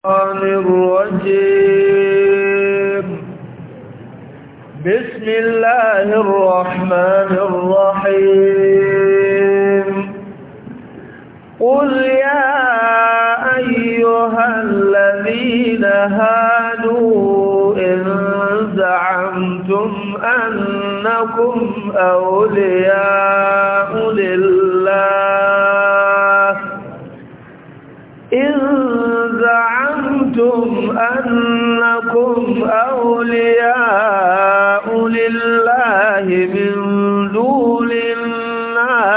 الشيطان الرجيم بسم الله الرحمن الرحيم قل يا أيها الذين هادوا إن زعمتم أنكم أولياء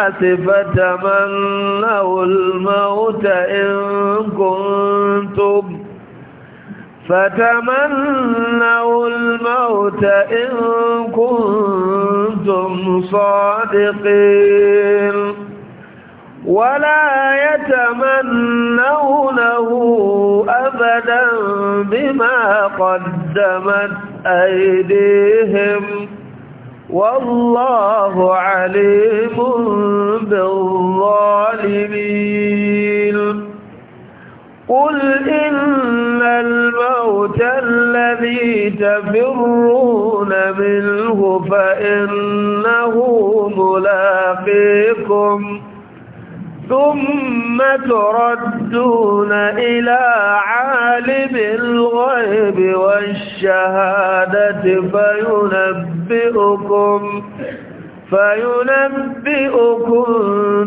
الناس فتمنوا الموت إن كنتم فتمنوا الموت إن كنتم صادقين ولا يتمنونه أبدا بما قدمت أيديهم والله عليم بالظالمين قل إن الموت الذي تفرون منه فإنه ملاقيكم ثم تردون إلى عالم الغيب والشهادة فينبئكم فينبئكم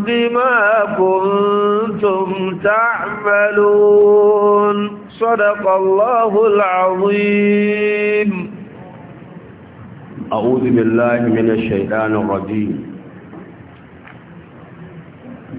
بما كنتم تعملون صدق الله العظيم أعوذ بالله من الشيطان الرجيم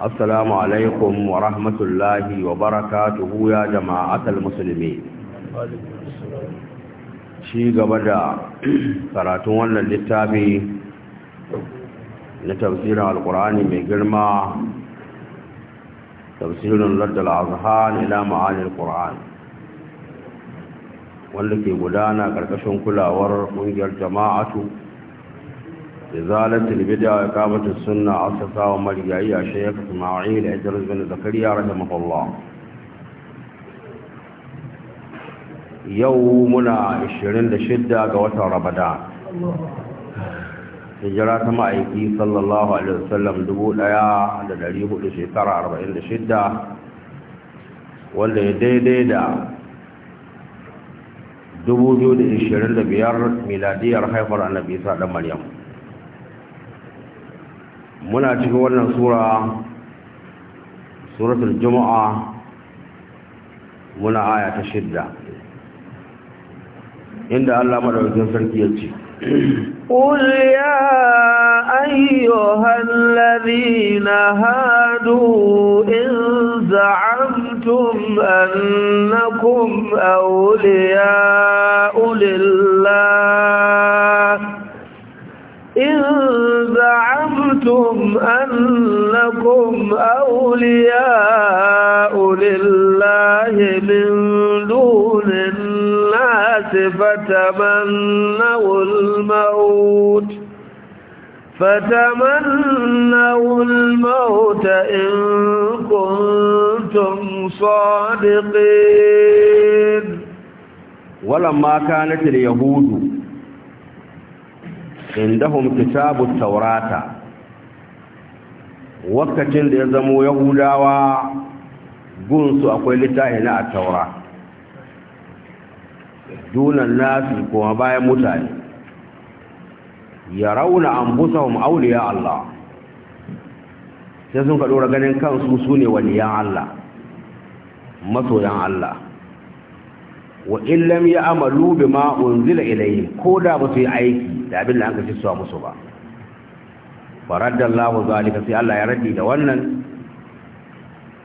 alaikum wa rahmatullahi wa وبركاته يا جماعة musulmi. shi gaba da karatun wannan littafi na tafsirin alkurani mai girma tafsirin lardal azhan ila ma'anil qur'an wanda ke gudana karkashin kulawar ƙungiyar jama'atu إزالة البدع إقامة السنة عصفة ومرجعية شيخ إسماعيل إدريس بن زكريا رحمه الله يومنا عشرين لشدة قوات رمضان هجرة ما أيكي صلى الله عليه وسلم دبول أيا عند الأليب لشترى أربعين لشدة والذي يدي دي دا دبول يود عشرين لبيار ميلادية رحيفر النبي صلى الله عليه وسلم muna cikin wannan sura suratul juma'a muna aya ta shidda inda Allah madaukakin sarki ya ce قل يا أيها الذين هادوا إن زعمتم أنكم أولياء لله زعمتم أنكم أولياء لله من دون الناس فتمنوا الموت فتمنوا الموت إن كنتم صادقين ولما كانت اليهود عندهم كتاب التوراة wakacin da ya zamo yahudawa gunsu akwai littafi na a taura dunan nasi kuma bayan mutane ya rauna an busa wa Allah sai sun kaɗora ganin kansu su ne waliyan Allah masoyan Allah wa illam ya amalu bi ma'unzila ilayhim ko da ba su yi aiki da abin da an kace su musu ba faradallahu zalika sai Allah ya raddi da wannan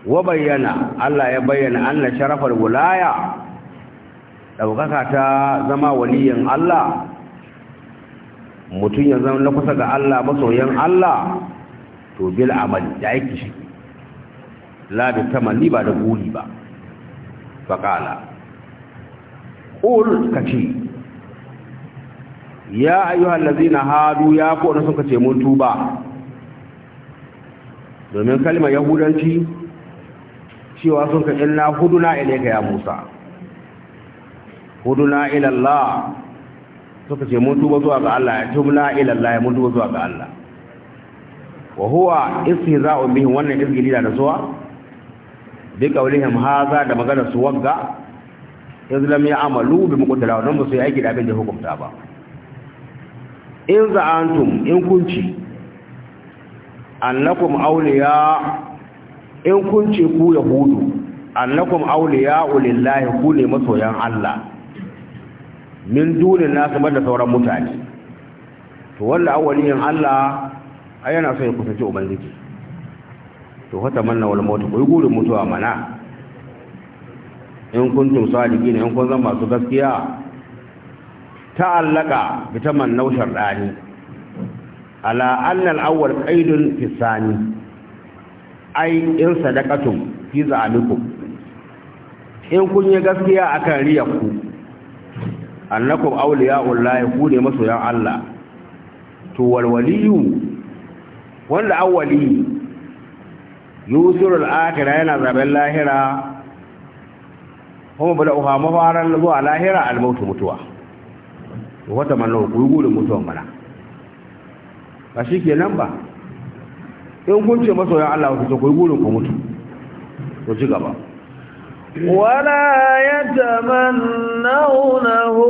wa bayyana Allah ya bayyana anna sharafal wilaya daukaka ta zama waliyin Allah mutum ya zama na kusa ga Allah masoyan Allah to bil amali da yake shi la bi ba da guli ba faqala qul kace ya ayyuhal ladzina hadu ya ko suka ce mun tuba domin kalmar yahudanci cewa sun ka inna huduna ilayka ya Musa huduna ila Allah suka ce mun tuba zuwa ga Allah tubna ila Allah mun tuba zuwa ga Allah wa huwa istihza'u bihi wannan izgili da zuwa bi kaulihim haza da maganar su wagga lam ya amalu bi muqtala wannan musu yi aiki da abin da hukumta ba in za'antum in kunci annakum awliya in kunci ku yahudu annakum awliya Ulillahi ku ne masoyan Allah min dunin nasu da sauran mutane to wanda awwaliyin Allah ai yana so ya kusanci ubangiji to hata manna wal mautu ku gurin mutuwa mana in kuntum sadiqina in kun zama masu gaskiya ta'allaka bi tamannau shar'ani ala anna al-awwal qaidun fi ai in sadaqatum fi za'alikum in kun yi gaskiya akan riyaku annakum awliya'ullahi ku ne masoyan Allah to walwaliyu wanda awwali yusirul akhira yana zaben lahira kuma bada uha mafaran zuwa lahira al mutuwa wata mana ku yi gudun mutuwan mana a shi ke nan ba in kun ce masoyan Allah ku ce ku yi gudun ku mutu ko ci gaba wala ya taman naunahu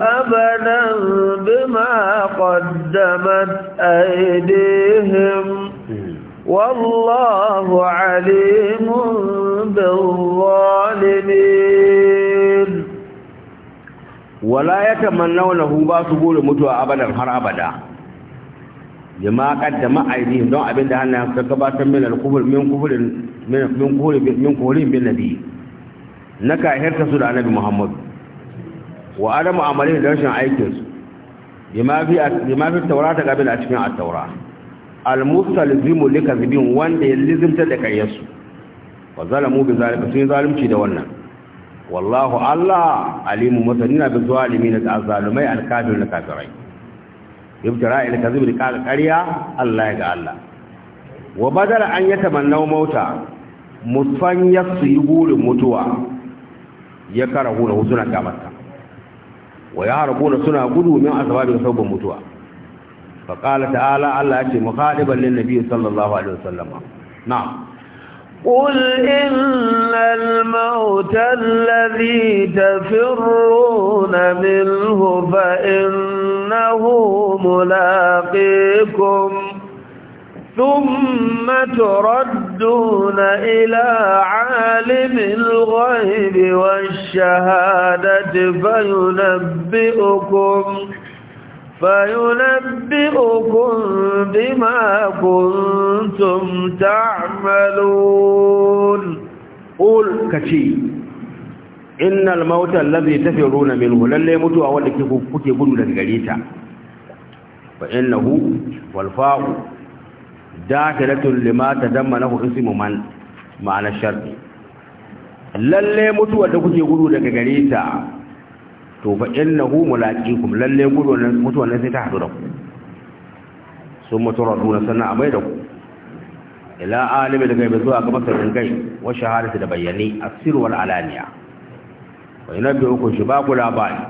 abadan bi ma kaddamat aidihim hmm. wallahu alimun bin walimin wala ya hu ba su gore mutuwa abadan har abada jama'a qaddama aidihim don abinda hannayen suka gabatar min al-kufr min kufrin min kufrin min kufrin bin nabi na kahirta su da annabi Muhammad wa adamu amalin da rashin aikin su bima fi taura fi tawrata a cikin at-taura al-mustalzimu likazbin wanda ya lizimta da kayyarsu wa zalamu bi zalika sun zalimci da wannan wallahu Allah alimu masanina bi zalimin da azalumai alkafir da kafirai yubtara ila kazib da kaga ƙarya Allah ya ga Allah wa badala an yatamannau mauta musfan yasu yi burin mutuwa ya karahu da suna kamata wa ya harabu da suna gudu min asbabin sabbin mutuwa fa qala ta'ala Allah ya ce mukhadiban lin nabiy sallallahu alaihi wasallama na'am قل إن الموت الذي تفرون منه فإنه ملاقيكم ثم تردون إلى عالم الغيب والشهادة فينبئكم فينبئكم بما كنتم تعملون قل كشي إن الموت الذي تفرون منه للي متوا ولكي كوكي قلوا لنقليتا فإنه والفاء داخلة لما تدمنه اسم من معنى الشرط lalle mutuwa da kuke gudu daga gare ta to fa innahu mulaqikum lalle gudu nan wannan sai ta hadu da ku sun maturaduna sannan a mai da ku ila alimi da gaibe zuwa ga masarin gai wa shahadatu da bayyani asiru wal alaniya wa ku shi ba ku labari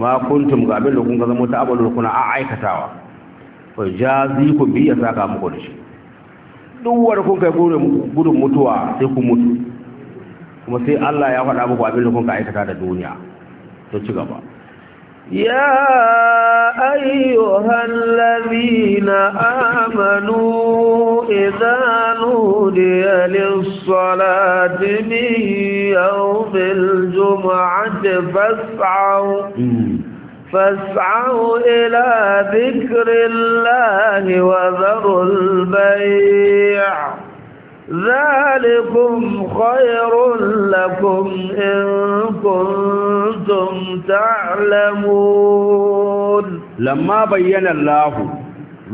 ma kuntum ga abin da kun ga zama ta'amalu kuna a aikatawa fa ku bi ya saka muku da shi wanda kun kai gudun mutuwa sai ku mutu kuma sai Allah ya faɗa muku abin da kun ka aikata da duniya يا أيها الذين آمنوا إذا نودي للصلاة من يوم الجمعة فاسعوا فاسعوا إلى ذكر الله وذروا البيع ذلكم خير لكم إن كنتم تعلمون لما بين الله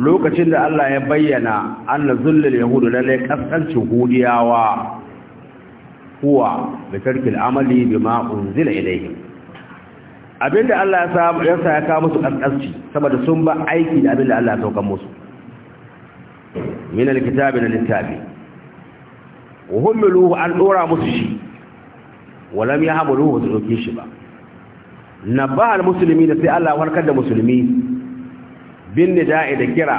lokacin da Allah ya bayyana anna zullul yahudu lalle kasancin hudiyawa huwa da tarkil amali bima unzila ilayhi abinda Allah ya sa ya sa ya kawo musu kaskanci saboda sun ba aiki da abin da Allah ya sauka musu min alkitabi na littafi wa hummiluhu an dora musu shi walam ya hamaluhu ba su ɗauke shi ba nabba al musulmi da sai Allah warkar da musulmi bin da'i da kira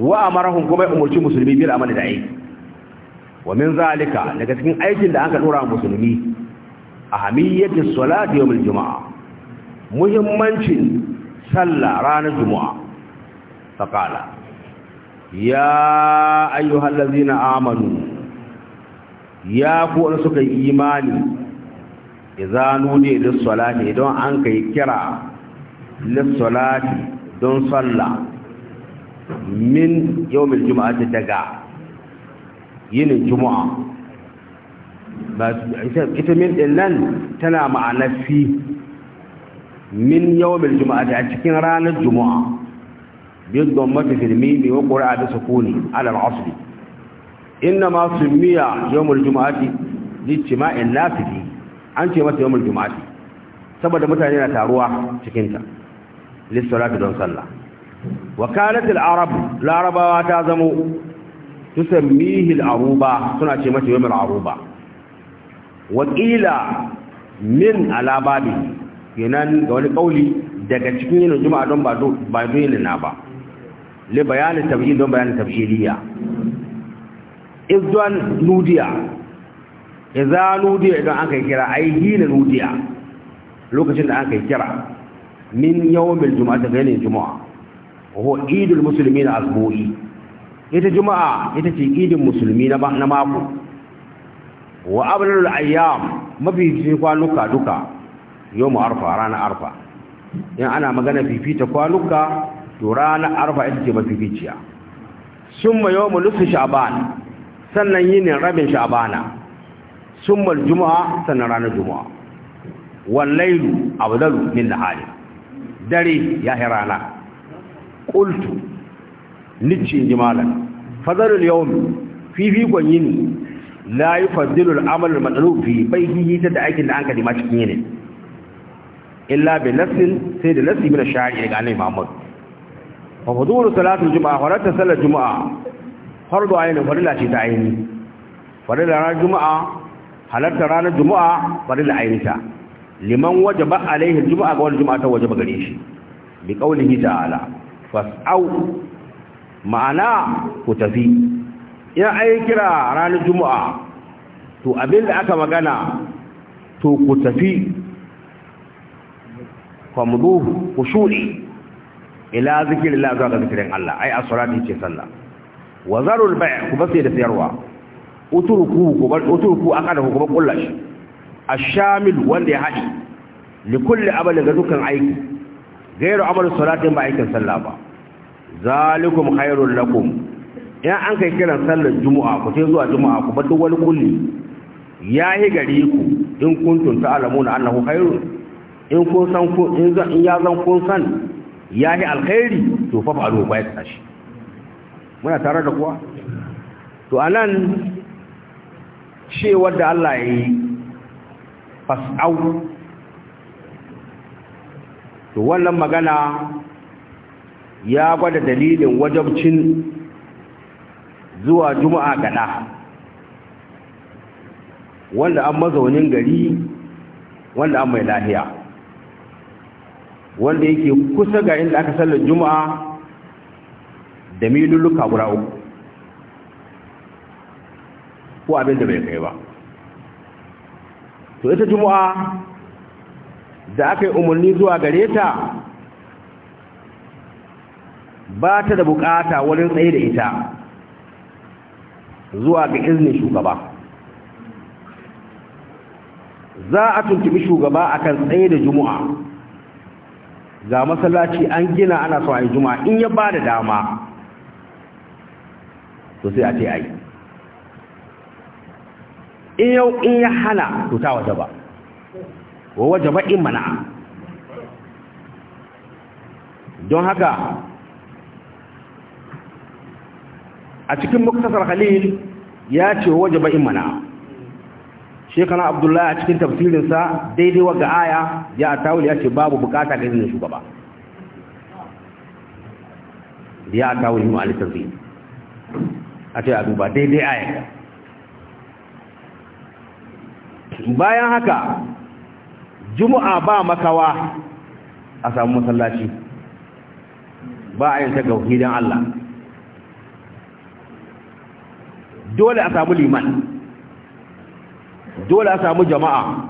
wa amarahum kuma ya umarci musulmi bil amali da aiki wa min zalika daga cikin aikin da aka dora musulmi ahamiyyatu salati yawmil juma'a muhimmancin sallah ranar juma'a faqala ya ayyuhallazina amanu ya ku wani suka yi imani ya izanu ne lissolati don an ka yi kira lissolati don sallah min yau yawmin juma'a daga yinin juma'a ita min din nan tana ma'ana fi min yau mai juma'a a cikin ranar juma'a bin don mata filmi mai wa ƙura da sukuni alal asli inna ma sumiya yawmul juma'ati lijtima'in nafi an ce mata yawmul juma'ati saboda mutane na taruwa cikin ta lissalati don sallah wakalatul arab larabawa ta zamo tusammihi al-aruba suna ce mata yawmul aruba wakila min alababi kenan ga wani kauli daga cikin yin juma'a don ba don ba na ba le bayanin tabi'i don bayanin tafsiriya izdan nudiya idza nudiya idan aka kira ai hina nudiya lokacin da aka kira min yawmil juma'a ta ganin juma'a ko idul na asbu'i ita juma'a ita ce idin musulmi na mako wa abdul ayyam mafi kwanuka duka yawmu arfa rana arfa in ana magana fifita kwanuka to rana arfa ita ce mafificiya summa mu nufi sha'ban sannan yinin rabin sha'bana summal juma'a sannan ranar juma'a wallailu abdalu min nahari dare ya hirana qultu nici jimalan fadalul yawm fi fi gonyini la yufaddilu al-amal al-matlub fi bayhi ta da aikin da an ka dima cikin yinin illa bi nasin sai da nasi min ash-sha'i ga annabi Muhammad fa fudulu juma'a wa rata salat juma'a fardu ainihin farilla ce ta aini farilla ranar juma'a halarta ranar juma'a farilla ainita liman waje ba alaihin juma'a ga wani juma'a ta waje ba gare shi bi kaulihi ta'ala fas'au ma'ana ku tafi in ai kira ranar juma'a to abin da aka magana to ku tafi famdu ku shuri ila zikirin Allah ga zikirin Allah ai as-salati ce sallah wa zarul bai' ku bace da sayarwa utruku ku bar utruku akada ku bar kullashi ash-shamil wanda ya hadi li kulli amalin ga dukkan aiki gairu amalin salatin ba aikin sallah ba zalikum khairul lakum in an kai kiran sallar juma'a ku sai zuwa juma'a ku bar duk wani kulli yahi gare ku in kuntum ta'lamuna annahu khairun in kun san ku in ya zan kun san yahi alkhairi to fa fa'alu ya tashi muna tare da kuwa to anan cewar da Allah ya yi fas'au to wannan magana ya gwada dalilin wajabcin zuwa juma'a gada wanda an mazaunin gari wanda an mai lahiya wanda yake kusa ga inda aka sallar juma'a da miluluka guda uku ko abin bai kai ba to ita juma'a da aka yi umarni zuwa gare ta ba ta da bukata wurin tsaye da ita zuwa ga izinin shugaba za a tuntubi shugaba a kan tsaye da juma'a ga masallaci an gina ana so juma'a in ya ba da dama to sai a ce ai in yau in ya hana to ta waje ba wa waje ba in mana don haka a cikin muktasar khalil ya ce waje ba in mana shekana abdullahi a cikin tafsirinsa daidai wa ga aya ya tawul ya ce babu bukata ga izinin shugaba ya tawul mu alitarzi a ce a duba daidai aya bayan haka juma'a ba makawa a samu masallaci ba a yin taga hidin Allah dole a samu liman dole a samu jama'a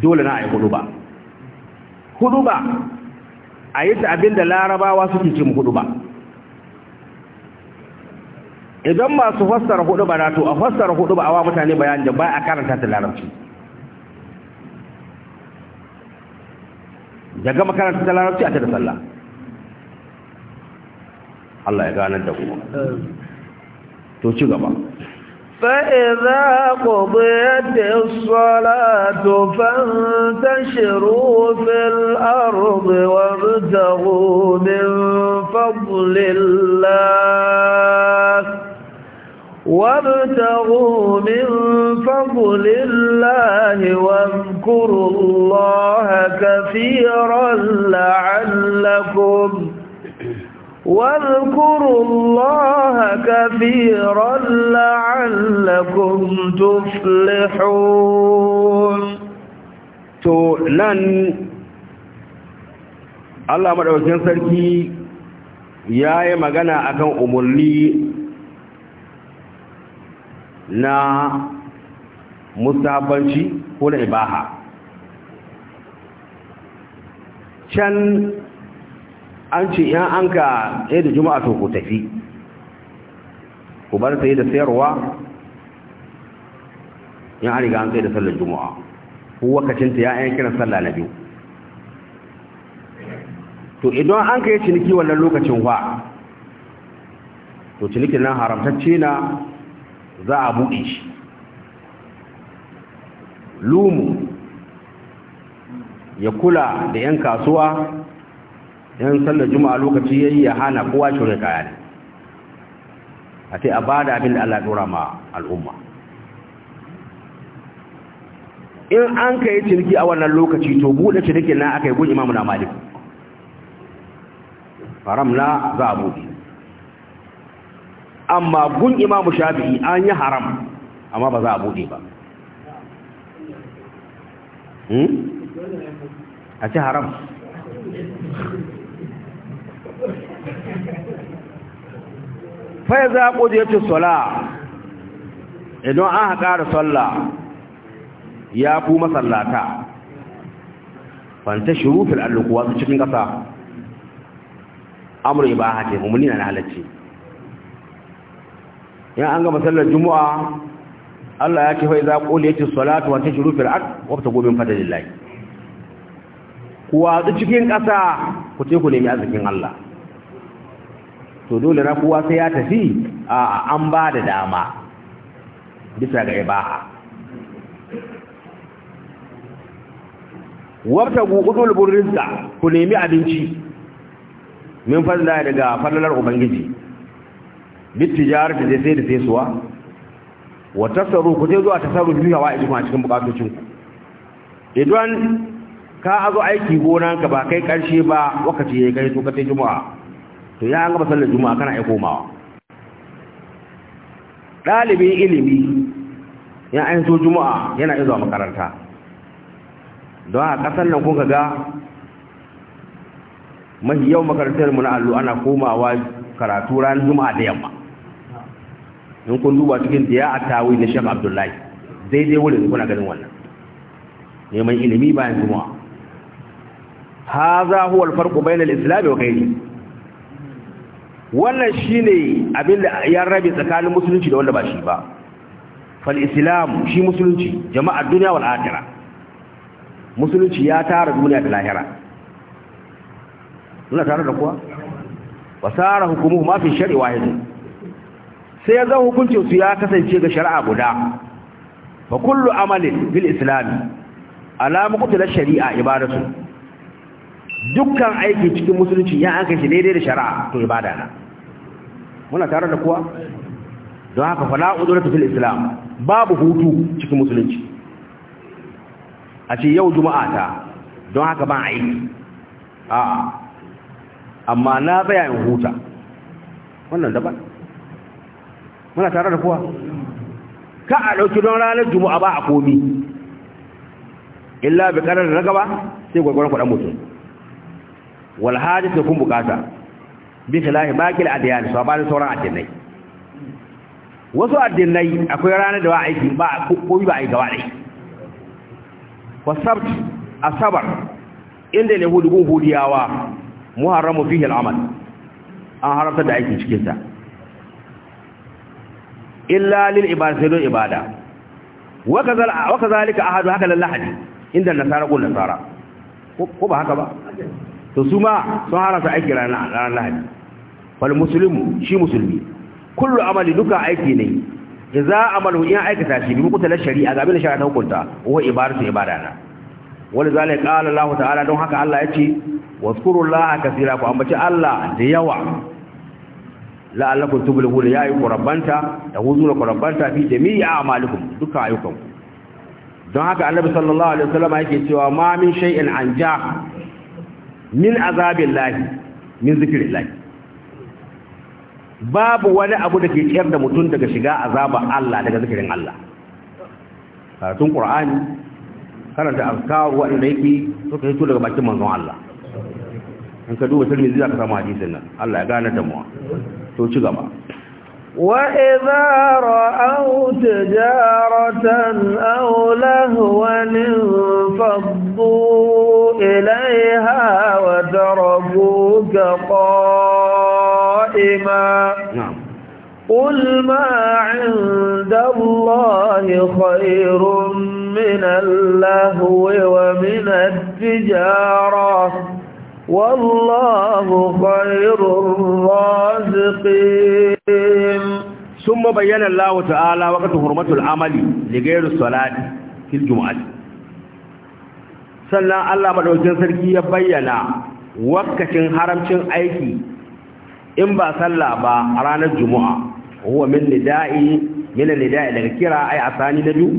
dole na a yi hudu ba hudu ba a yi ta abinda larabawa suke cin hudu ba idan masu fassara hudu ba to a fassara hudu ba a wa mutane bayan da ba a karanta ta larabci daga makaranta ta larabci a ta da sallah Allah ya ganar da kuma to ci gaba فإذا قضيت الصلاة فانتشروا في الأرض وابتغوا من فضل الله وابتغوا من فضل الله واذكروا الله كثيرا لعلكم واذكروا الله كثيرا لعلكم تفلحون to nan Allah madaukakin sarki yayi magana akan umurni na musabanci ko na ibaha can an ce yan an ka ɗaya da juma'a to ku tafi ku bar sai da sayarwa yan an riga an tsaye da sallar juma'a ko wakacinta ya yan kiran sallah na biyu to idan an ka yi ciniki wannan lokacin wa to cinikin nan haramtacce na za a buɗe shi lumu ya kula da 'yan kasuwa yan sallar juma'a lokaci yayi ya hana kowa shirin kaya ne a ce a ba da Allah dora ma al'umma in an kai yi ciniki a wannan lokaci to buɗe cinikin na aka yi gun imamu na malik haram na za a buɗe amma gun imamu shafi'i an yi haram amma ba za a bude ba hmm? a ce haram fai za a ƙudu ya ce sola idan an haƙa da sola ya ku masallata fanta shirufin allukuwa su cikin ƙasa amur ibaha ce mummuni na halarci yan an gama sallar juma'a Allah ya ce fa qul yati salatu wa tashru fil ard wa tabu min fadlillahi ku watsu cikin ƙasa ku ce ku nemi azikin Allah to dole na kowa sai ya tafi a an ba da dama bisa ga ibaha wabta gudul burinsa ku nemi abinci min fadla daga fadlar ubangiji bittijar da sai da sai suwa wa ku sai zuwa tasarrufu bi hawa iduma cikin bukatocin ku idan ka azo aiki gonan ka ba kai karshe ba wakati yayi kai to ka tai juma'a to ya ga sallar juma'a kana aiko mawa Dalibi ilimi ya an zo juma'a yana zuwa makaranta don a kasar nan kun ga mahi yau makarantar mu na allo ana komawa karatu ran juma'a da yamma in kun duba cikin da a tawi na shek abdullahi daidai wurin kuna ganin wannan neman ilimi bayan juma'a haza huwa alfarqu bainal islam wa ghairi wannan shine abin da ya rabe tsakanin musulunci da wanda ba shi ba fal islam shi musulunci jama'ar duniya wal akhirah musulunci ya tara duniya da lahira muna tare da kuwa wasara hukumuhu ma fi shari'a wahidin sai ya zan hukuncin su ya kasance ga shari'a guda fa kullu amalin bil islam ala muqtala shari'a ibadatu dukkan aiki cikin musulunci ya aka shi daidai da shari'a to ibada na muna tare da kuwa don haka fa la uduratu fil islam babu hutu cikin musulunci a ce yau juma'a ta don haka ban aiki a amma na tsaya in huta wannan daban muna tare da kowa ka a ɗauki don ranar juma'a ba a komi illa bi karar na gaba sai gwagwaron kuɗin mutum wal hadis kun bukata bi khilafi bakil a bani sauran addinai wasu addinai akwai ranar da ba aiki ba komi ba a yi gaba ɗaya wasabt asabar inda ne hudu hudiyawa muharramu fihi al'amal an haramta da aikin cikin sa illa lil ibada don ibada wa kazalika ahadu haka lil lahadi inda nasara ko nasara ko ba haka ba to suma ma sun harasa aiki ranar lahadi wal muslimu shi musulmi kullu amali duka aiki ne idza amalu in aikata shi bi kutalar shari'a ga abin da shari'a ta hukunta wa ibadatu na? wani zalai ƙala Allah ta'ala don haka Allah ya ce wasu Allah a kasira ku ambaci Allah da yawa la'allakum tuflihuna ya yi qurabanta ya huzura qurabanta fi jami'i a'malikum duka ayyukan don haka annabi sallallahu alaihi wasallam yake cewa ma min shay'in anja min azabillahi min zikrillahi babu wani abu da ke ciyar da mutum daga shiga azaba Allah daga zikirin Allah karatun qur'ani karanta azkar wanda yake suka hito daga bakin manzon Allah in ka duba tirmidhi zaka samu hadisin nan Allah ya gane da mu وَإِذَا رَأَوْا تِجَارَةً أَوْ لَهْوًا انفَضُّوا إِلَيْهَا وَتَرَكُوكَ قَائِمًا نعم قل ما عند الله خير من اللهو ومن التجارة والله خير الرازقين ثم بين الله تعالى وقت حرمة العمل لغير الصلاة في الجمعة sannan Allah madaukakin sarki ya bayyana wakkacin haramcin aiki in ba sallah ba a ranar juma'a huwa min nida'i min nida'i daga kira ay asani na biyu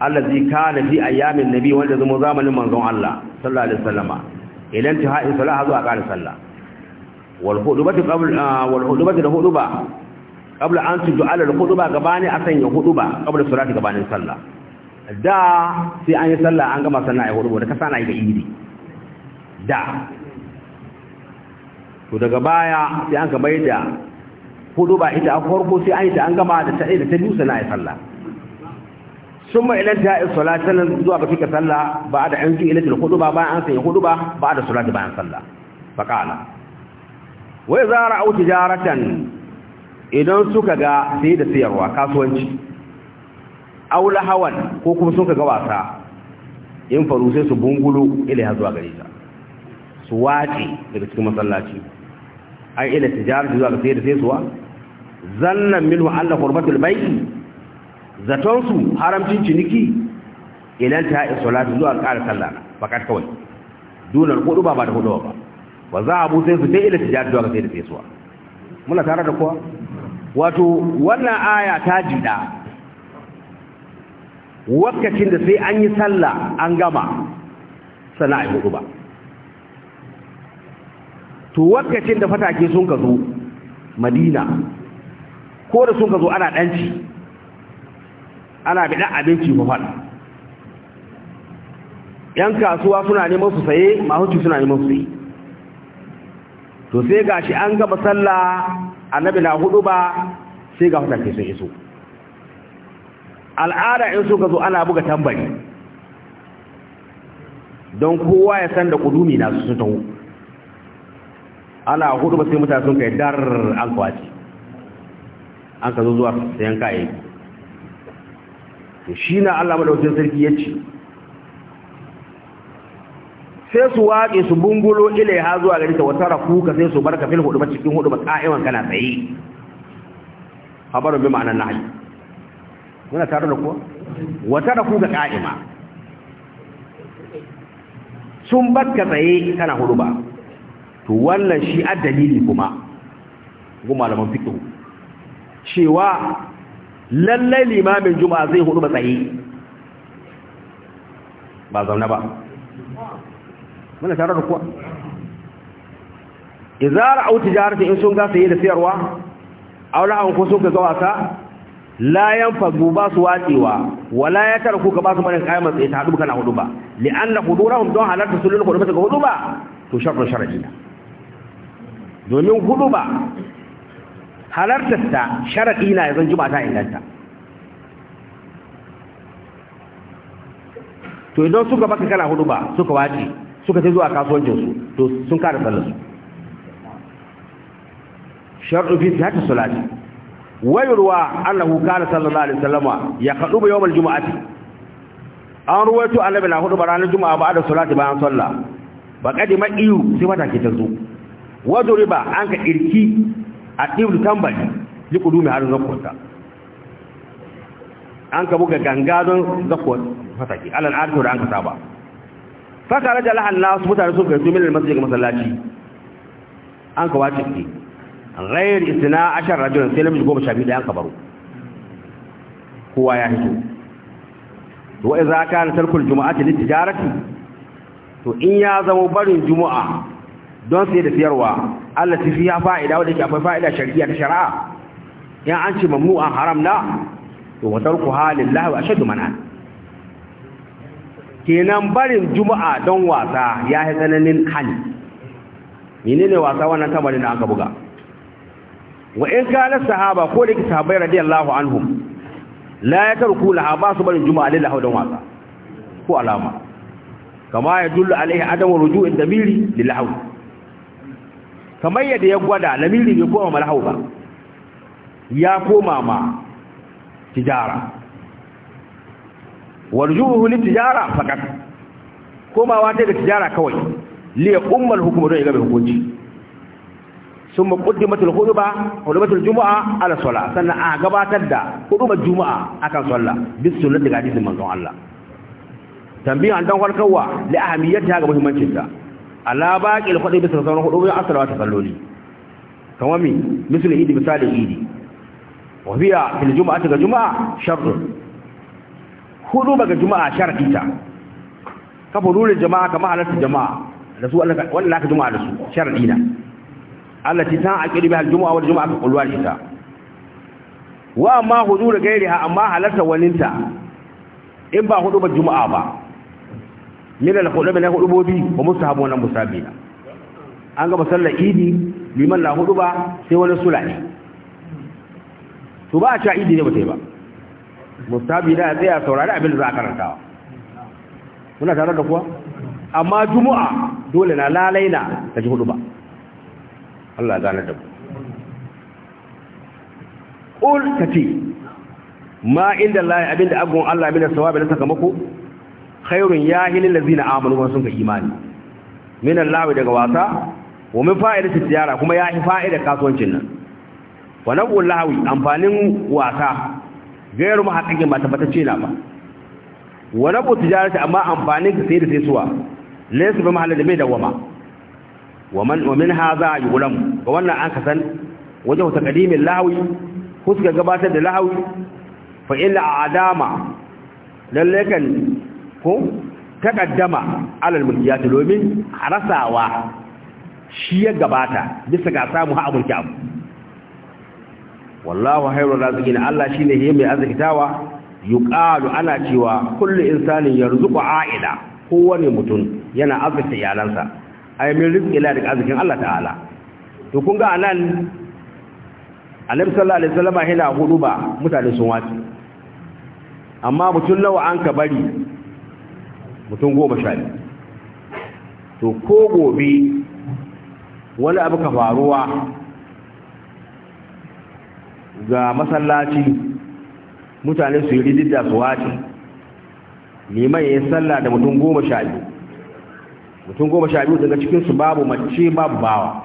allazi kana fi ayyamin nabi wanda zama zamanin manzon Allah sallallahu alaihi wasallama ilan tihai salaha zuwa ƙarin sallah wal hudubatu qabla wal hudubatu da huduba qabla an tudu'ala al huduba gabani asan ya huduba qabla salati gabanin sallah da sai an yi sallah an gama sannan ai huduba da kasa na ga iri. da to daga baya sai an ka maida huduba ita a farko sai an yi ta an gama da ta da ta dusa na ai sallah ثم إلى انتهاء الصلاة تنزوا فيك صلى بعد أن ba الخطبة da أن bayan بعد الصلاة بعد Wai فقال وإذا رأوا تجارة idan suka ga sai da sayarwa kasuwanci aula hawan ko kuma suka ga wasa in faru sai su bungulu ilaiha zuwa gare ta su wace daga cikin masallaci an ila tijarati zuwa ga sai da sayarwa zannan minhu alla qurbatul bayt zatonsu haramcin ciniki idan ta yi salatu zuwa ƙara sallah fakat kawai dunar hudu ba ba da hudu ba ba za a bu sai su ta ila tijari zuwa ga sai da fesuwa muna tare da kowa wato wannan aya ta jida wakacin da sai an yi sallah an gama sana'a hudu ba to wakacin da fatake sun ka zo madina ko da sun ka zo ana ɗanci ana bidan abinci kufar yan kasuwa suna neman su saye mahuci suna neman su yi to sai ga shi an gaba sallah annabi na hudu ba sai ga hutan ke sun iso al'ada in suka zo ana buga tambari don kowa ya san da kudumi na su taho ana hudu ba sai mutasun kai dar an an ka zo zuwa sayan kayayyaki to shi na Allah madaukin sarki ya ce sai su waƙe su bungulo ya zuwa gari ta wata rakuka sai su barka fil hudu cikin hudu ka'iman kana tsaye habarun bi ma'anar nahi muna tare da kuwa wata rakuka ka'ima sun barka tsaye kana hudu ba to wannan shi a dalili kuma kuma malaman fiƙi cewa lallai limamin juma'a zai hudu ba tsaye ba zaune ba muna tare da kuwa izara au tijarati in sun gasa saye da sayarwa aula an ko sun ga wasa Layan yanfagu ba su watsewa wala ya tarku ka ba su barin kayan matsayi ta hudu kana hudu ba Lian na li'anna hudurahum don halarta sun sulul hudu ba to sharru shar'iyya domin hudu ba ta sharaɗi na yanzu ba ta inganta to idan suka baka kana hudu ba suka wace suka ce zuwa kasuwancinsu to sun kada sallarsu sharɗu fi ta salati wayurwa annahu kana sallallahu alaihi wasallama ya kadu ba yawmal jumu'ati an ruwaito annabi na hudu ba ranar juma'a ba da salati bayan sallah ba kadima iyu sai wata ke ta zo wajuriba an ka irki a ɗiru tambari yi ƙudu mai harin zakkonta an ka buga ganga don zakkon fataki alal arto da an ka saba faka raja lahan nasu mutane sun kai domin masu ga masallaci an ka wace ke rayar isina ashar rajin sai namiji goma sha biyu da an ka baro kowa ya hito wa iza kana tarkul ta litijarati to in ya zama barin Juma'a. don sai da siyarwa Allah ta fiya fa'ida wadda ke akwai fa'ida shari'a ta shari'a in an ce mamnu'an haram na to wa tarku halin lahu ashaddu mana kenan barin juma'a don wasa ya yi tsananin hali ne wasa wannan kamarin da aka buga wa in kana sahaba ko da ke sahabbai radiyallahu anhum la yatarku laha ba su barin juma'a lillahi don wasa ko alama kama ya dullu alaihi adamu ruju'in damiri lillahi kamar yadda ya gwada lamiri bai koma malhau ba ya koma ma tijara warjuhu li tijara fakat komawa ta ga tijara kawai li ummul hukumu don ya ga hukunci ثم قدمت الخطبه خطبه الجمعه على sannan سنه gabatar da خطبه الجمعه akan sallah bis sunnati ga hadisin manzon Allah tambiyan dan farkawa li ahamiyatiha ga muhimmancinta ala baqil hudu bisa sauran hudu bayan asalawa ta salloli kamar mi idi misali idi wa biya fil juma'ati ga juma'a shartun hudu ga juma'a sharadi ta ka furulin jama'a kama halatta jama'a da su Allah wanda laka juma'a da su sharadi na Allah ti san aqidi bihal juma'a wal juma'a ka kulwa ita wa amma hudu da gairiha amma halatta walinta in ba hudu ba juma'a ba min al-khudub na hudubobi wa mustahabu wa musabina an gama sallar idi liman na hudu ba sai wani sula to ba a sha idi ne ba sai ba mustahabi da tsaya saurari abin da za a karantawa muna tare da kuwa amma juma'a dole na lalaina na ta ji hudu ba Allah ya gane da ku. qul kati ma inda Allah abinda agon Allah bin sawabi na sakamako khairun ya hilin zina amanu wani sun ka imani Minan lawi daga wasa wa min su tijara kuma ya fi fa'ida kasuwancin nan wa nabu lawi amfanin wasa gairu ma ba ba tabbatacce na ba wa nabu tijarati amma amfanin ka sai da sai suwa laysa bi mahallin da mai dawama wa ha za a yi yulam ga wannan an kasan wajen ƙadimin lawi huska gabatar da lawi fa’ila a adama lalle kan ko takaddama alal mulkiyat domin rasawa shi ya gabata bisa ga samu ha abulki abu wallahu khairur razikin Allah shine yayi mai azikitawa? yuqalu ana cewa kullu insanin yarzuqu aida kowane mutum yana arzikta iyalansa ay min rizqi la daga arzikin Allah ta'ala to kun ga anan Annabi sallallahu alaihi wasallam yana huduba ba mutane sun wace amma mutum nawa an ka bari mutum goma sha biyu to ko gobe wani abu ka faruwa ga masallaci mutane su yi rididda su wace neman ya sallah da mutum goma sha biyu mutum goma sha biyu daga cikinsu babu mace babu bawa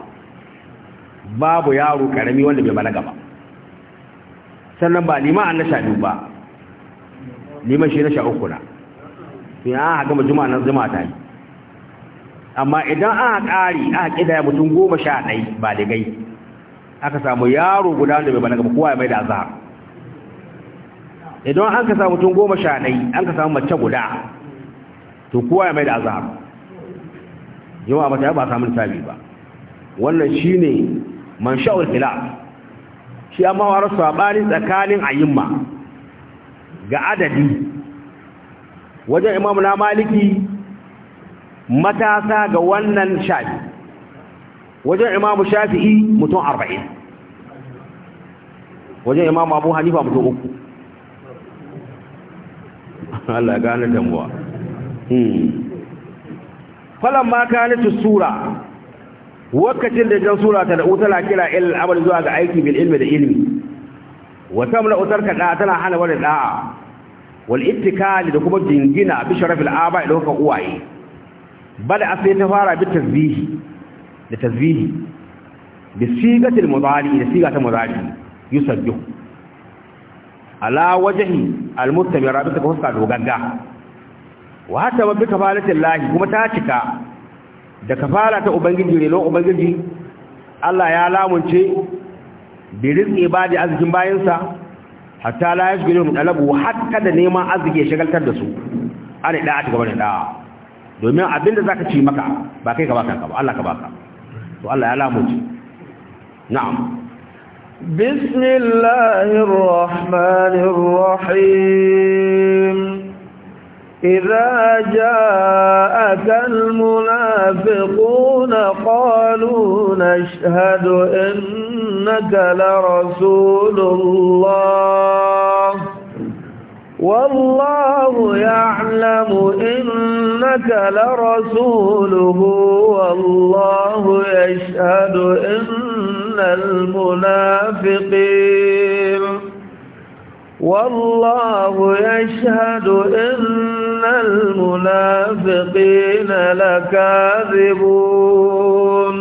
babu yaro karami wanda bai balaga ba sannan ba neman an na sha biyu ba neman shi na sha uku na sai an haka gama juma'a nan zuma ta yi amma idan haƙari, ƙari aka kida mutum goma sha ɗai ba da gai aka samu yaro guda da bai bane ba kowa ya mai da azahar? idan an ka samu mutum goma sha ɗai an ka samu mace guda to kowa ya mai da azahar? juma'a ba ta ba samun sabi ba wannan shi ne man sha'ul fila. shi amma wa rasu sabani tsakanin ayyumma ga adadi wajen imamu na maliki matasa ga wannan shafi wajen imamu shafi'i mutum arba'in wajen imamu abu hanifa mutum uku Allah gane damuwa hmm. falon ma kanatu sura wakacin da jan sura ta da utala kira ilil amal zuwa ga aiki bil ilmi da ilmi wata mula utar ka tana hana wani da'a wal ittikali da kuma jingina bi sharafil aba da hukan uwaye bada asali ta fara bi tasbihi da tasbihi bi sigatil mudari da sigata mudari yusabbihu ala wajhi al mustabira bi ta fuska dogagga wa hatta bi kafalatil lahi kuma ta cika da kafala ta ubangiji ne lon ubangiji Allah ya lamunce bi rizqi ibadi azkin bayansa hatta la yashghilu talabu hatta da neman arziki ya shagaltar da su ana da'a ta gaba da ɗaya domin abinda zaka ci maka ba kai ka baka ba Allah ka baka to Allah ya lamuci na'am bismillahir rahmanir rahim إذا جاءك المنافقون قالوا نشهد إنك لرسول الله والله يعلم إنك لرسوله والله يشهد إن المنافقين والله يشهد إن إن المنافقين لكاذبون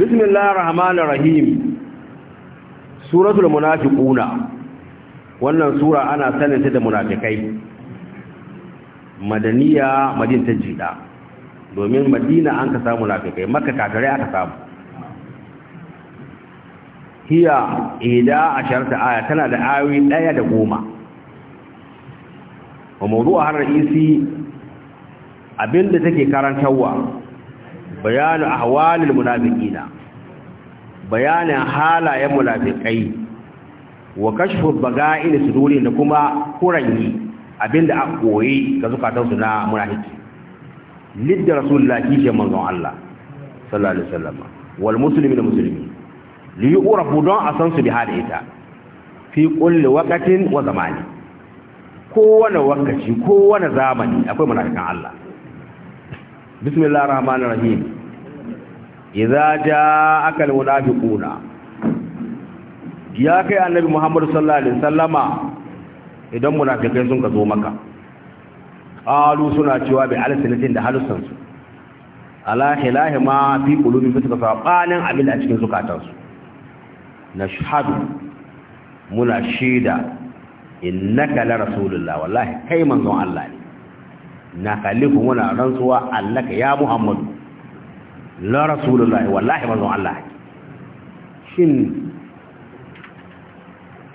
بسم الله الرحمن الرحيم سورة المنافقون wannan sura ana saninta da munafikai madaniya madin ta jida domin madina an ka samu munafikai maka kakare aka samu hiya ida asharta aya tana da ayoyi daya da goma wa mawdu'a har ra'isi abinda take karantarwa bayanu ahwalil munafiqina bayanin halayen munafiqai wa kashfu baga'il suduri da kuma kuranyi abinda a koyi ga zukatansu na munafiki lidda rasulullahi kike manzon Allah sallallahu alaihi wasallam wal muslimina muslimin li yu'rafu don asansu bi hada ita fi kulli waqtin wa zamani kowane wakaci kowane zamani akwai munafikan Allah bismillahir rahmanir rahim idza ja'aka almunafiquna ya kai annabi Muhammad sallallahu alaihi wasallama idan munafikai sun ka zo maka qalu suna cewa bi alsinatin da su ala khilahi ma fi qulubi suka sabanin abin a cikin zukatansu nashhadu muna shida. إنك لرسول الله والله كي من ذو الله نخليكم هنا رنسوا أنك يا محمد لا رسول الله والله من ذو الله شن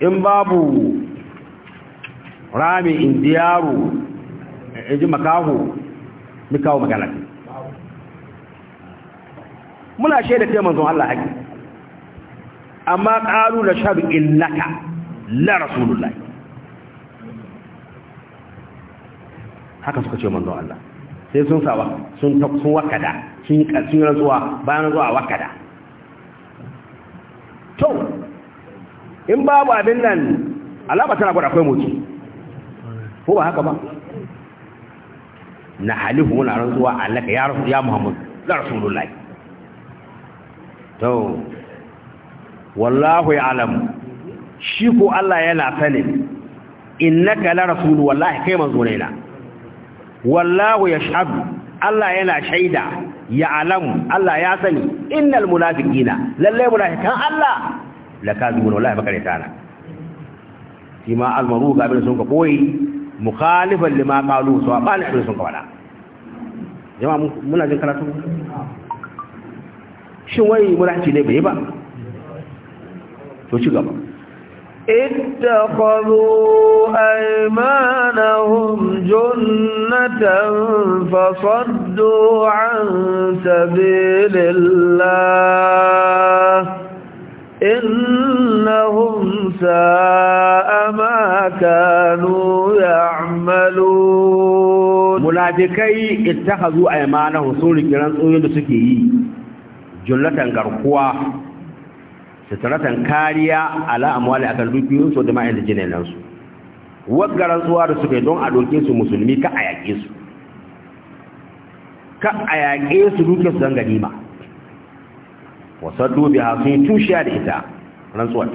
إن بابو رامي إن ديارو إن جي مكاهو مكاهو مكالك ملا شيء لكي من ذو الله أما قالوا لشهد إنك لا رسول الله haka suka ce manzon Allah sai sun sawa sun sun wakada sun sun rantsuwa bayan zuwa wakada to in babu abin nan alama tana gwada akwai motsi ko ba haka ba na halifu muna rantsuwa Allah ya rasu ya muhammad da rasulullahi to wallahu ya'lam shi ko Allah yana sanin innaka la rasul wallahi kai manzo ne na wallahu ya yashhadu Allah yana shaida ya alamu Allah ya sani innal munafiqina lalle munafiqan Allah lakazibun wallahi makareta na kima almaru ga abin sun ka koyi mukhalifan lima qalu sawabani abin sun ka wada jama'a muna jin karatu shin wai munafici ne bai ba to shi gaba اتخذوا أيمانهم جنة فصدوا عن سبيل الله إنهم ساء ما كانوا يعملون ملاجكي اتخذوا أيمانهم سوري كران سوري سكي جنة غرقوا sitaratan kariya ala amwali akan dukiyoyin su da ma'ayin da nan su waggaran tsuwa da suka don a doke su musulmi ka a yaƙe su ka a yaƙe su duke su don ganima wasu dubi ha sun tushiya da ita rantsuwar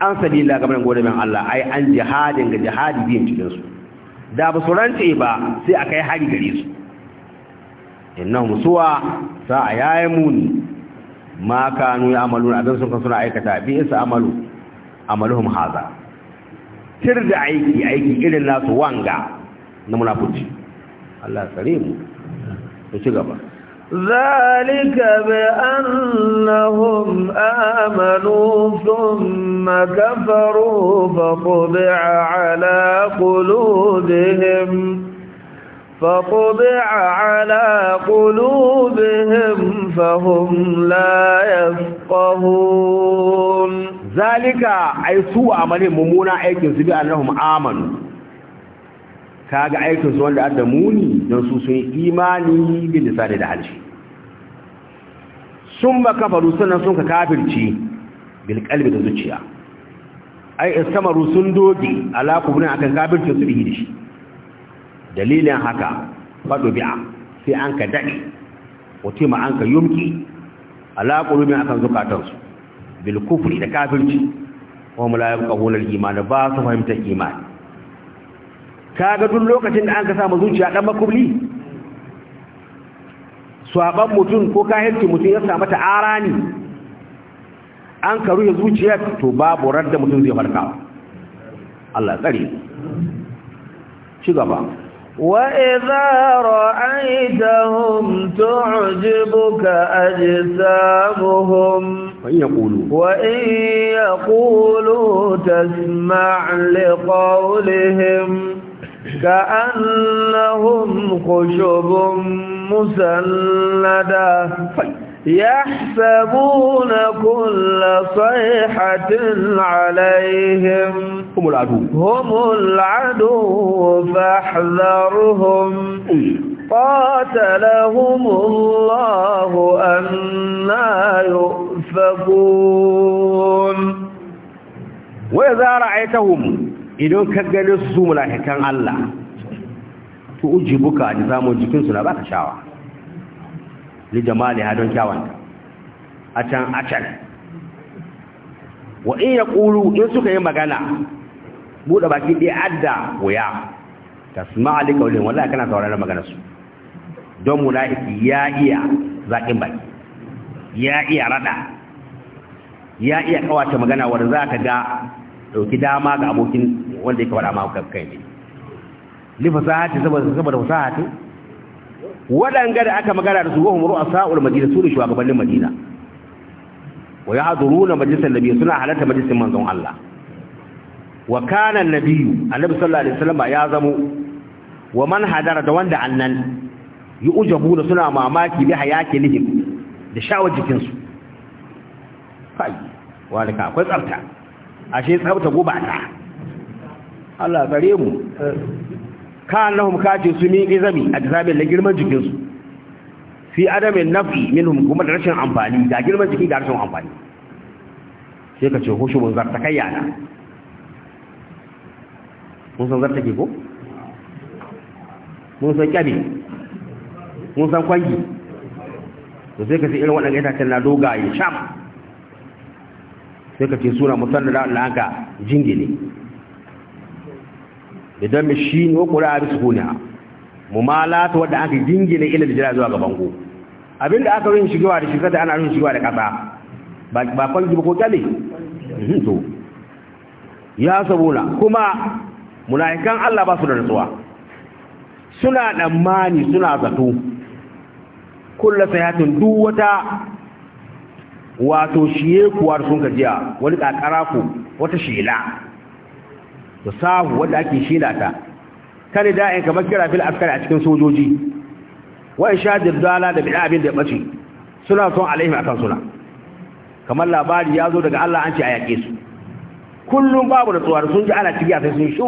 an sabila game gode godamin Allah ai an jihadin ga jihadi biyan cikin su da ba su rantse ba sai a kai hari gare su innahum suwa sa muni. ma kanu ya amalu abin sun suna aikata bi isa amalu amaluhum haza tirda aiki aiki irin nasu wanga na munafuci Allah sare mu ci gaba annahum amanu thumma kafaru fa فطبع ala qulubihim فطبع على قلوبهم فهم لا يفقهون ذلك أي سوء عملهم ممونا أيكم سبيع أنهم آمنوا kaga aikin su wanda adda muni don su sun imani bin lisani da halshi sun ba kafaru sannan sun ka kafirci bil kalbi da zuciya ai istamaru sun doge ala kubrin akan kafircin su bihi da shi dalilin haka faɗo bi'a sai an ka daɗe ma an ka yumki alaƙulumin akan zukatansu bil kufri da kafirci wa mu la yabqahuna al iman ba su fahimta iman kaga duk lokacin da an ka samu zuciya dan makubli swaban mutum ko kahirci mutum ya samu arani, an ka ruhe zuciyar to babu radda mutum zai farka. Allah tsare ci gaba وإذا رأيتهم تعجبك أجسامهم وإن يقولوا وإن يقولوا تسمع لقولهم كأنهم خشب مسندة يحسبون كل صيحة عليهم هم العدو هم العدو فاحذرهم قاتلهم الله أنا يؤفكون وإذا رأيتهم إذن كجلسوا ملاحكا الله تؤجبك أجزام جكنسنا بك شاوة li jamali ha don kyawanta a can a can wa in ya ƙuru in suka yi magana buɗe baki ɗaya adda wuya ta suma a duka wulin wallah kana sauran magana su don iki ya iya zaƙin baki ya iya raɗa ya iya kawace magana wanda za ka ga ɗauki dama ga abokin wanda ya kawar amma kai ne lifasa hati saboda fasa hati waɗanga da aka magana da su wahum Sa'ul madina su ne shugabannin madina wa yahduruna majlisan nabiy suna halarta majlisin manzon Allah wa kana nabiyyu annabi sallallahu alaihi wasallam ya zamo wa man hadara da wanda annan yu'jabuna suna mamaki bi hayakilihim da shawar jikin su kai walika akwai tsafta ashe tsafta goba ta Allah gare mu ka lahum ka ce su min izami a tsamin da girman jikinsu fi adamin nafi minhum kuma da rashin amfani da girman jiki da rashin amfani sai ka ce zarta kai yana. mun san zartake ko mun san kyabe mun san kwangi to sai ka ce irin waɗannan itacen na dogaye sham sai ka ce suna musamman da Allah ka jingine da don mishin wa ƙura bisu kuna malata wadda aka gingina ila da jira zuwa ga bango abinda aka rin shigowa da shigar da ana rin shigowa da ƙasa ba kwanji ba ko kyale mhm, to ya sabuna kuma munafikan Allah ba su da rasuwa. suna damani suna zato sai sayatin duk wata wato shiye kuwar sun gajiya wani ƙaƙara ku wata shela da sabu wanda ake shida ta kare da'in kamar kira fil askari a cikin sojoji wa da dala da bi'a abin da bace suna son alaihi akan suna kamar labari ya zo daga Allah an ce a yake su kullum babu da tsawar sun ji ana cigiya sai sun shu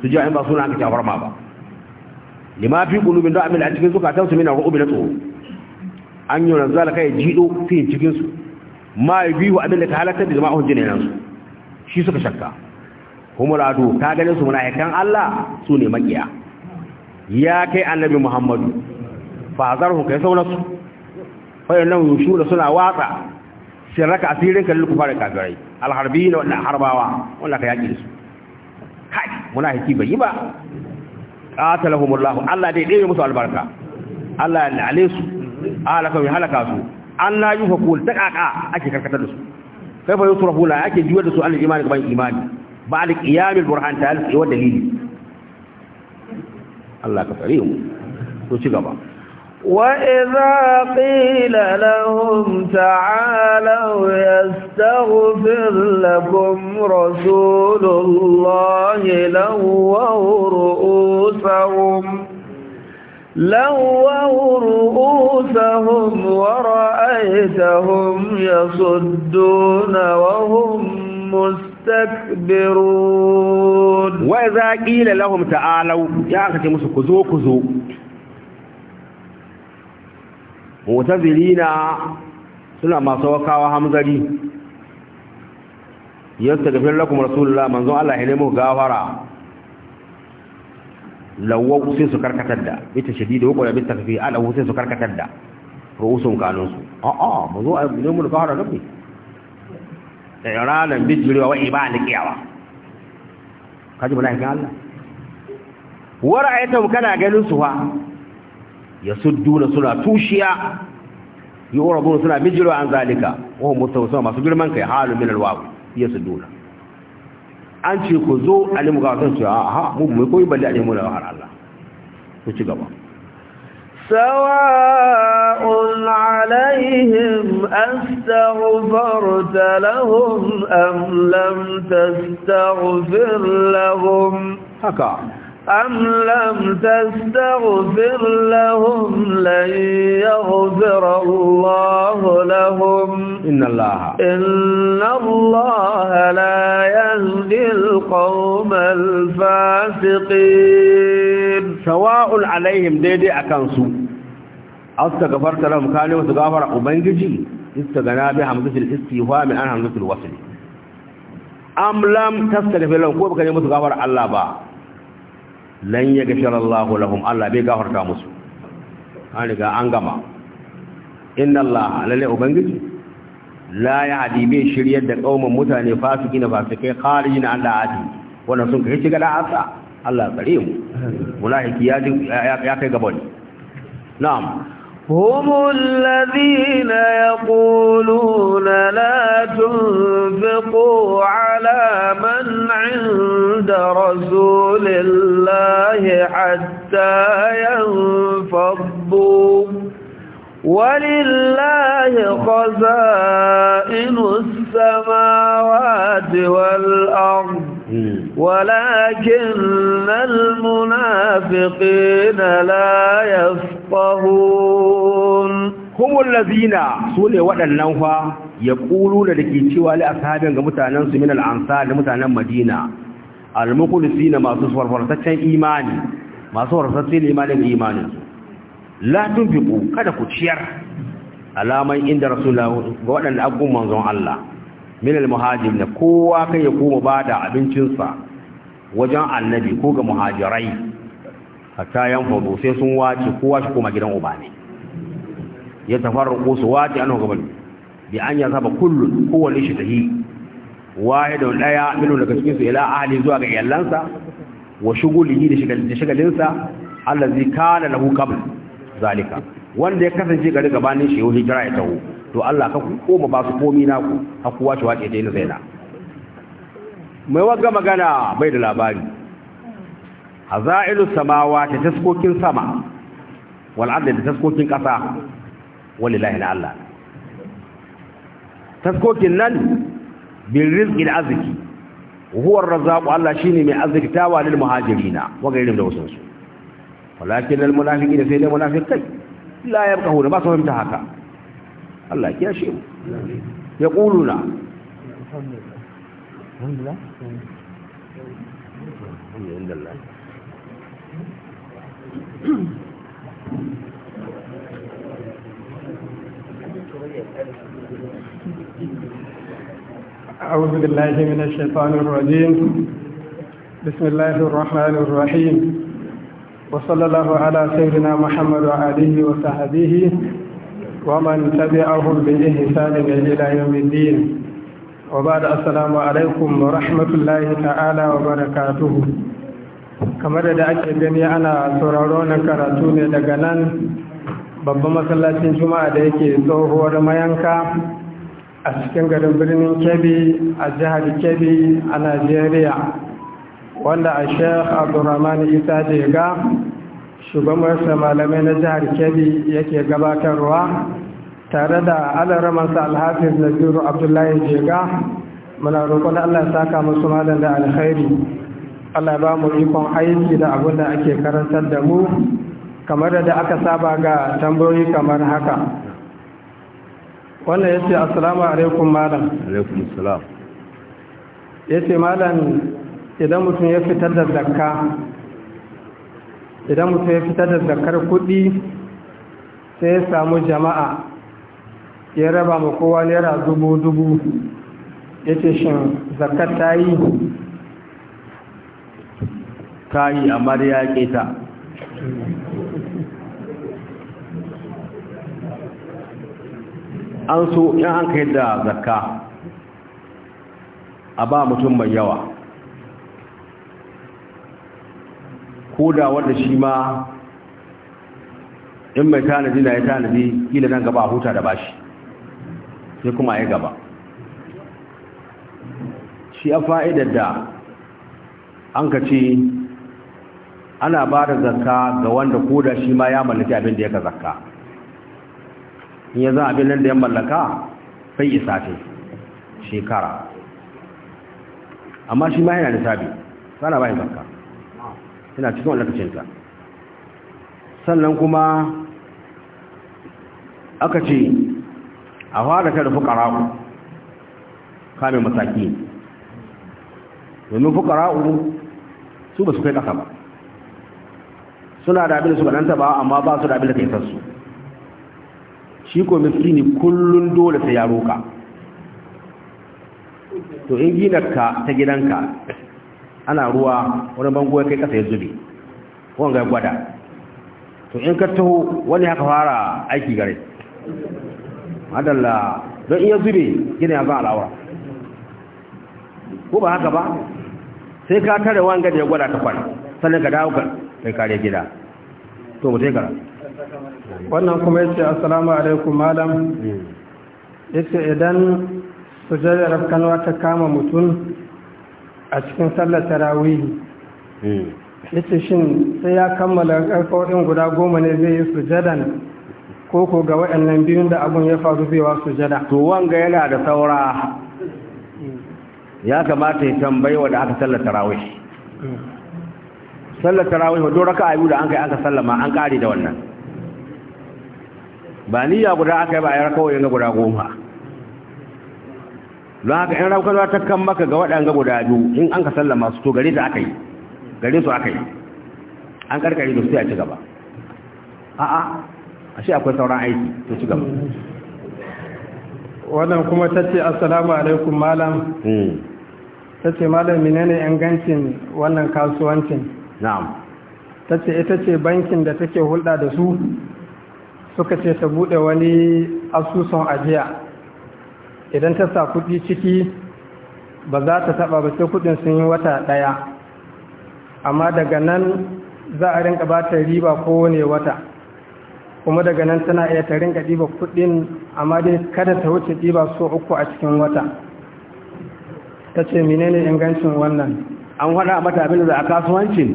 su ji ba suna aka tafar ma ba lima fi qulubin da amil a cikin zukatansu mina ru'ub na tsoro an yi zalaka ya jido fi cikin su ma yabihu abin da ka halaka da jama'un nan su shi suka shakka humul adu ka ganin su munafikan Allah su ne makiya ya kai annabi Muhammadu fa zarhu kai saunarsu Fa'inan yannan yushuna suna watsa shiraka asirin kan lukufa da kafirai alharbi na wannan harbawa wanda ka yaƙi su kai munafiki bai yi ba qatalahumullahu Allah dai dai musu albarka Allah ya lale su alaka mai halaka su an na yi yufakul ta kaka ake karkatar da su kai fa yusrafuna ake juyar da su al imani gaban imani بعد قيام البرهان تعالى دليل الله كفريهم وشكبا وإذا قيل لهم تعالوا يستغفر لكم رسول الله لووا رؤوسهم لووا رؤوسهم ورأيتهم يصدون وهم مستقيم Wai zaƙi ne lafibta a lauɗu? Ya kashe musu kuzo-kuzo. Musa Zulina suna masu wasu hamzari. Yanzu da laukuma na sulaɗa, mwanzon Allah ya nemi mu gahara. Lawan Hussein su karka tada, Binta Shadija waƙo da Binta Tafiha, Allah su karka tada, raun wutsa wuƙanunsu. Ɔ-ɔwa, ne mu da kowa iranan eh, bijirewa wa iba alƙiyawa kaji mala'ikan Allah wara ayatan kana ganin su fa yasudduna suna tushiya yu'rabuna suna bijirewa an zalika wa hum mustawsama masu girman kai halu an ce ku zo alimu ga wasan su a ha mu mu koyi balle alimu da har Allah ku ci gaba سواء عليهم أستغفرت لهم أم لم تستغفر لهم أم لم تستغفر لهم لن يغفر الله لهم إن الله إن الله لا يهدي القوم الفاسقين سواء عليهم ديدي أكنسو أستغفرت لهم كانوا وتغفر أبنجي استغنى مثل الاستيفاء من أنهم مثل الوصل أم لم تستغفر لهم كوبك نمت الله بقى lan ya gashara Allah lahum Allah bai gafarta musu an riga an gama inna Allah lalle ubangiji la ya hadi bai shiryar da kauman mutane fasiki na fasike kharijin na Allah adi wanda sun kai shiga da asa Allah kare mu mulahiki ya ya kai gabani na'am هم الذين يقولون لا تنفقوا على من عند رسول الله حتى ينفضوا ولله خزائن السماوات والأرض ولكن المنافقين لا يفقهون هم الذين سولي waɗannan fa da dake cewa li ashabin ga mutanen su min al-ansar da mutanen Madina al-mukhlisin masu farfartaccen imani masu farfartaccen imanin imanin la tunfiqu kada ku ciyar alaman inda rasulullahi ga waɗannan agun manzon Allah min al-muhajirin kowa kai ya koma bada abincinsa wajen annabi ko ga muhajirai hatta yan fudu sai sun wace kowa shi koma gidan uba ne ya tafarruqu su wace annahu gaban bi an ya saba kullun kowanne shi tahi wahidun daya min daga cikin su ila ahli zuwa ga yallansa wa shughulihi da shagalinsa allazi kana lahu qabl zalika wanda ya kasance gari gabanin shi yau hijira ya taho to Allah ka koma ba su komi naku har kuwa shi wace ta yi zaina mai wagga magana bai da labari hazailu samawa ta taskokin sama wal ardi ta taskokin kasa wallahi na Allah taskokin nan bin rizqi da arziki huwa ar-razzaq Allah shine mai arziktawa lil muhajirina wa gairin da wasansu walakin al munafiqina sai da munafiqai la yabqahuna ba su fahimta haka الله الحمد لله الحمد لله الحمد لله أعوذ بالله من الشيطان الرجيم بسم الله الرحمن الرحيم وصلى الله على سيدنا محمد وعليه وصحبه ومن تبعهم بإحسان إلى يوم الدين وبعد alaikum عليكم ورحمة الله تعالى وبركاته kamar da ake gani ana sauraro na karatu ne daga nan babban masallacin juma'a da yake tsohuwar mayanka a cikin garin birnin kebbi a jihar kebbi a najeriya wanda a sheikh abdurrahman isa jega shugabansa malamai na jihar kebbi yake gabatarwa tare da alaramansa alhafiz na biro abdullahi jega muna roƙon allah saka musu malam da alkhairi allah ba mu ikon aiki da abin da ake karantar da mu kamar da aka saba ga tambayoyi kamar haka wannan ya ce assalamu alaikum malam alaikum salam ya ce malam idan mutum ya fitar da zakka idan mutum ya fitar da zakar kuɗi sai ya samu jama'a ya raba ma kowa naira dubu-dubu ya ce shin zakar ta yi ta yi amma ya keta an so in an kai da zakka a ba mutum mai yawa ko da wanda shi ma in mai tanadi na ya tanadi kila nan gaba a huta da bashi sai kuma ya gaba shi a fa'idar da an ka ce ana ba da zakka ga wanda ko da shi ma ya mallaki abin da ya ka zakka in ya za abin nan da ya mallaka sai isa ce shekara amma shi ma yana nisabi sana ba ya zakka tana cikin wallakacinta sannan kuma aka ce a fara ta da fukara'u kame mataki domin fukara'u su ba su kai ƙasa ba suna da abin da su ɗanta ba amma ba su da abin da kai sassu shi ko miskini kullum dole sai ya roka to in gina ka ta gidanka ana ruwa wani bango ya kai kasa ya zube wanga ya gwada to in ka taho wani haka fara aiki gare madalla don iya zube gina yanzu al'aura ko ba haka ba sai ka tare wanga da ya gwada ta kwana sannan ka dawo kai kare gida to mu gara wannan kuma yace assalamu alaikum malam hmm. yace idan sujjadar rafkanwa ta kama mutum a cikin sallar tarawihi eh. yace shin sai ya kammala ƙarfaɗin guda goma ne zai yi sujada ko ko ga waɗannan biyun da abun ya faru zai wa sujada to wanga yana da saura ya kamata ya tambayi wa da aka sallar tarawih sallar tarawih wa doraka ayu da an kai aka sallama an kare da wannan ba niyya guda aka yi ba a yi rakawai na guda goma don haka in raukarwa ta kan maka ga waɗanda guda biyu in an ka sallama su to gare ta aka yi gare su aka yi an karkare da su ya ci gaba a'a a shi akwai sauran aiki to ci gaba wannan kuma ta ce assalamu alaikum malam hmm. ta ce malam menene ingancin wannan kasuwancin na'am ta ce ita ce bankin da take hulɗa da su suka ce ta buɗe wani asusun ajiya idan ta sa kuɗi ciki ba za ta taɓa ba sai kuɗin sun yi wata ɗaya amma daga nan za a rinka ba ta riba kowane wata kuma daga nan tana iya ta rinka ɗiba kuɗin amma dai kada ta wuce ɗiba so uku a cikin wata ta ce menene ingancin wannan an haɗa mata abin da a kasuwanci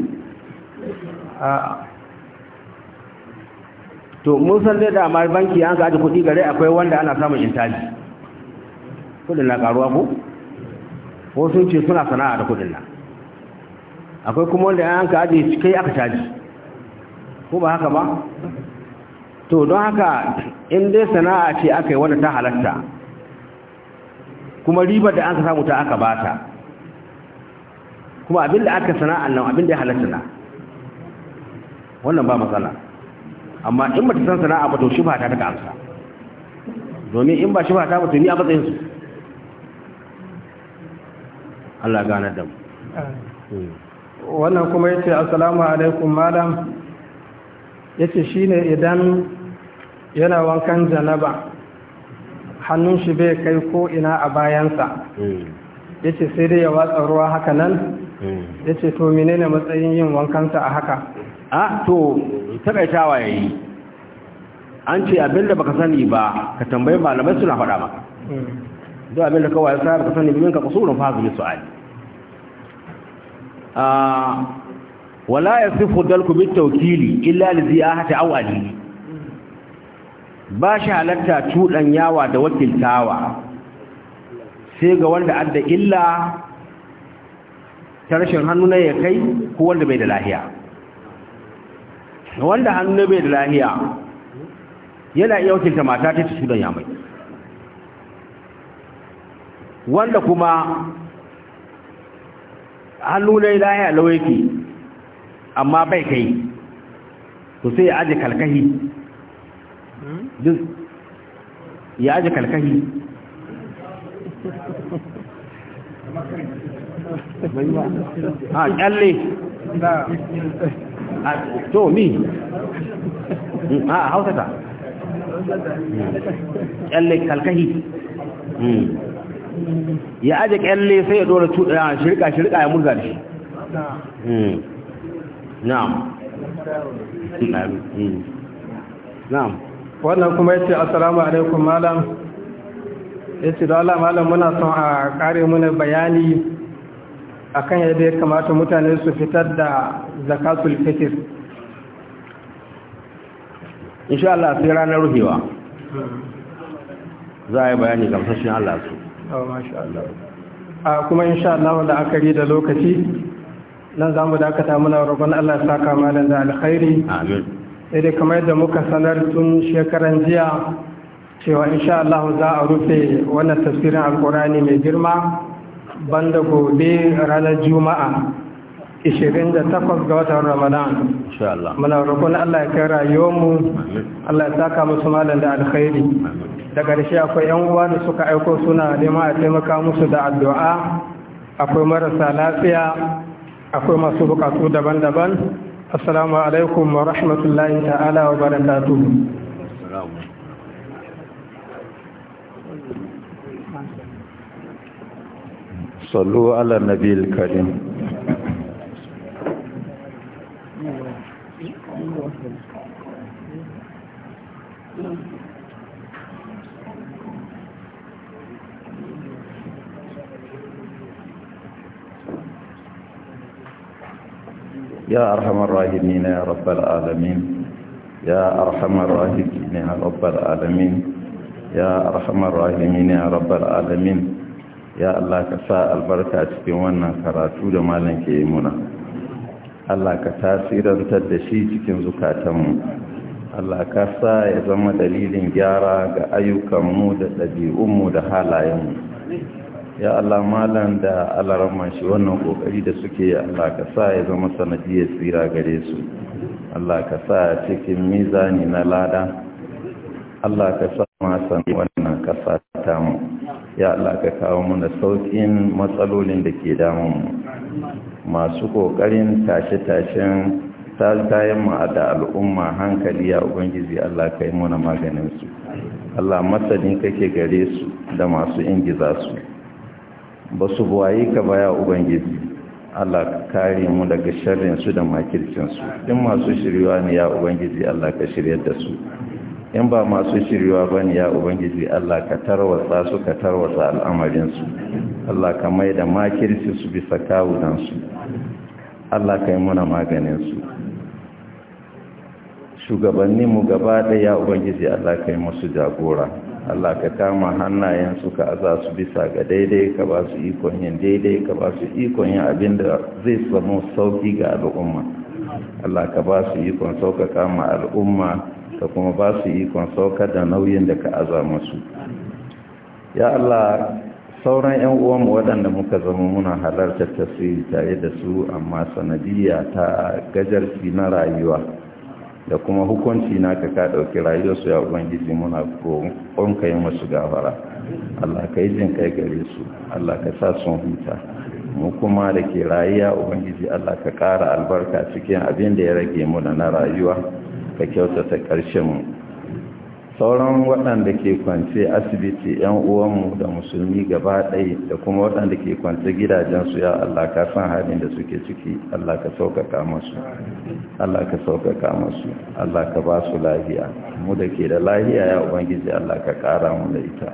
to mun san dai da amma banki an ka aji kuɗi gare akwai wanda ana samun intaji kudin na karuwa ko ko sun ce suna sana'a da kudin na akwai kuma wanda an ka ajiye kai aka caji ko ba haka ba to don haka in dai sana'a ce aka yi wadda ta halatta kuma ribar da an ka samu ta aka bata kuma abinda aka sana'a nan abinda ya halatta na wannan ba matsala amma in ba ta san sana'a ba to shi ba ta ta amsa domin in ba shi ba ta ba ni a matsayinsu. Allah gane da mu wannan kuma ya ce, assalamu alaikum malam shi ne idan yana wankan janaba hannun shi bai kai ko ina a bayansa Ya ce sai dai ya watsa ruwa haka nan Ya ce to menene matsayin yin wankansa a haka a to ya yayi an ce abinda baka sani ba ka tambayi malamai suna faɗa maka hmm. duk abin da kawai sa ka sani bimin ka qusurun fa hazmi su'ali ah wala yasifu dalku bit tawkili illa li ziyahati aw alili ba shi halatta tudan yawa da wakiltawa sai ga wanda adda illa ta rashin hannu na ya kai ko wanda bai da lahiya wanda hannu bai da lahiya yana iya wakilta mata ta tudan yamai wanda kuma hannu na ilaya lauyake amma bai kai to sai ya aji kalkahi ya aji kalkahi ha kyalle to mi ha hausata kyalle kalkahi hmm. ya aje kyalle sai ya dora tuɗa shirka shirka ya murza da shi hmm. na'am hmm. na'am wannan kuma yace assalamu alaikum malam yace da Allah malam muna son a kare mana bayani akan yadda ya kamata mutane su fitar da zakatul fitr insha Allah sai ranar ruhewa hmm. za a yi bayani gamsashin Allah su Oh, hawa a ah, kuma insha Allah da akari da lokaci nan zamu dakata muna roƙon Allah ya saka malan da alkhairi amin sai dai kamar da muka sanar tun shekaran jiya cewa insha Allah za a rufe wannan tafsirin Alqurani mai girma banda gobe ranar juma'a 28 ga watan Ramadan. Muna rukun Allah ya kai rayuwarmu, Allah ya saka musu malam da alkhairi. Da ƙarshe akwai 'yan uwa da suka aiko suna neman a taimaka musu da addu'a, akwai marasa lafiya, akwai masu buƙatu daban-daban. Assalamu alaikum wa rahmatullahi ta'ala wa barakatu صلوا على النبي الكريم يا أرحم الراحمين يا رب العالمين يا أرحم الراحمين يا رب العالمين يا أرحم الراحمين يا رب العالمين ya Allah ka sa albarka cikin wannan karatu da malam ke yi muna Allah ka tasirantar da shi cikin zukatanmu Allah ka sa ya zama dalilin gyara ga ayyukanmu da ɗabi'unmu da halayenmu ya Allah Malam da alaran shi wannan kokari da suke Allah ka sa ya zama sanadiyar tsira gare su Allah ka sa ya cikin mizani na lada Allah ka sa masan wannan kasa ta mu ya Allah ka kawo mana saukin matsalolin da ke damun masu kokarin tashe-tashen taltayen mu da al'umma hankali ya ubangiji Allah ka yi mana maganin su Allah masani kake gare su da masu ingiza su ba su buwaye ka baya ubangiji Allah ka kare mu daga sharrinsu da makircinsu in masu shiriwa ne ya ubangiji Allah ka shiryar da su in ba masu shiriwa ba ne ya ubangiji Allah ka tarwatsa su ka tarwatsa al'amarinsu Allah ka mai da makirci su bisa su. Allah ka yi muna maganinsu shugabanninmu gaba ɗaya ubangiji Allah ka yi musu jagora Allah ka kama hannayensu ka aza su bisa ga daidai ka ba su ikon yin daidai ka ba su ikon yin abin da zai samu sauki ga al'umma Allah ka ba su ikon sauka kama al'umma ka kuma ba su ikon sauka da nauyin da ka aza musu ya Allah sauran 'yan uwanmu waɗanda muka zama muna halarta tasiri tare da su amma sanadiyya ta gajarci na rayuwa da kuma hukunci naka ka ɗauki rayuwarsu ya ubangiji muna roƙon ka yi musu gafara Allah ka yi jin kai gare su Allah ka sa sun huta mu kuma da ke rayuwa ubangiji Allah ka kara albarka cikin abin da ya rage mu muna na rayuwa ka kyautata karshen mu sauran waɗanda ke kwance asibiti ‘yan uwanmu da musulmi gaba ɗai da kuma waɗanda ke kwance gidajensu ya Allah ka san halin da suke ciki Allah ka sauƙaƙa masu Allah ka sauƙaƙa masu Allah ka ba su lahiya mu da ke da lahiya ya ubangiji Allah ka ƙara mu da ita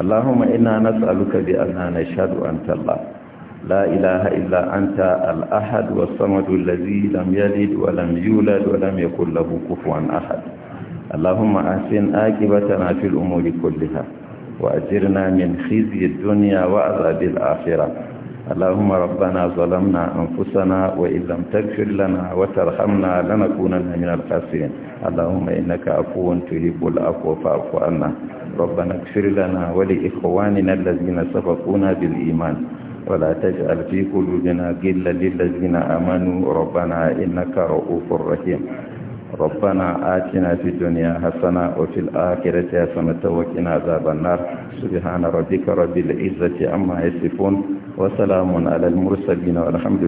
Allahumma ina nas'aluka bi anna nashhadu an talla لا ahad wa wa Ahad. اللهم أحسن آكبتنا في الأمور كلها وأجرنا من خزي الدنيا وعذاب الآخرة اللهم ربنا ظلمنا أنفسنا وإن لم تغفر لنا وترحمنا لنكونن من الخاسرين اللهم إنك عفو تحب العفو فاعف عنا ربنا اغفر لنا ولإخواننا الذين سبقونا بالإيمان ولا تجعل في قلوبنا غلا للذين آمنوا ربنا إنك رؤوف رحيم ربنا آتنا في الدنيا حسنة وفي الآخرة حسنة وقنا عذاب النار سبحان ربك رب العزة عما يصفون وسلام على المرسلين والحمد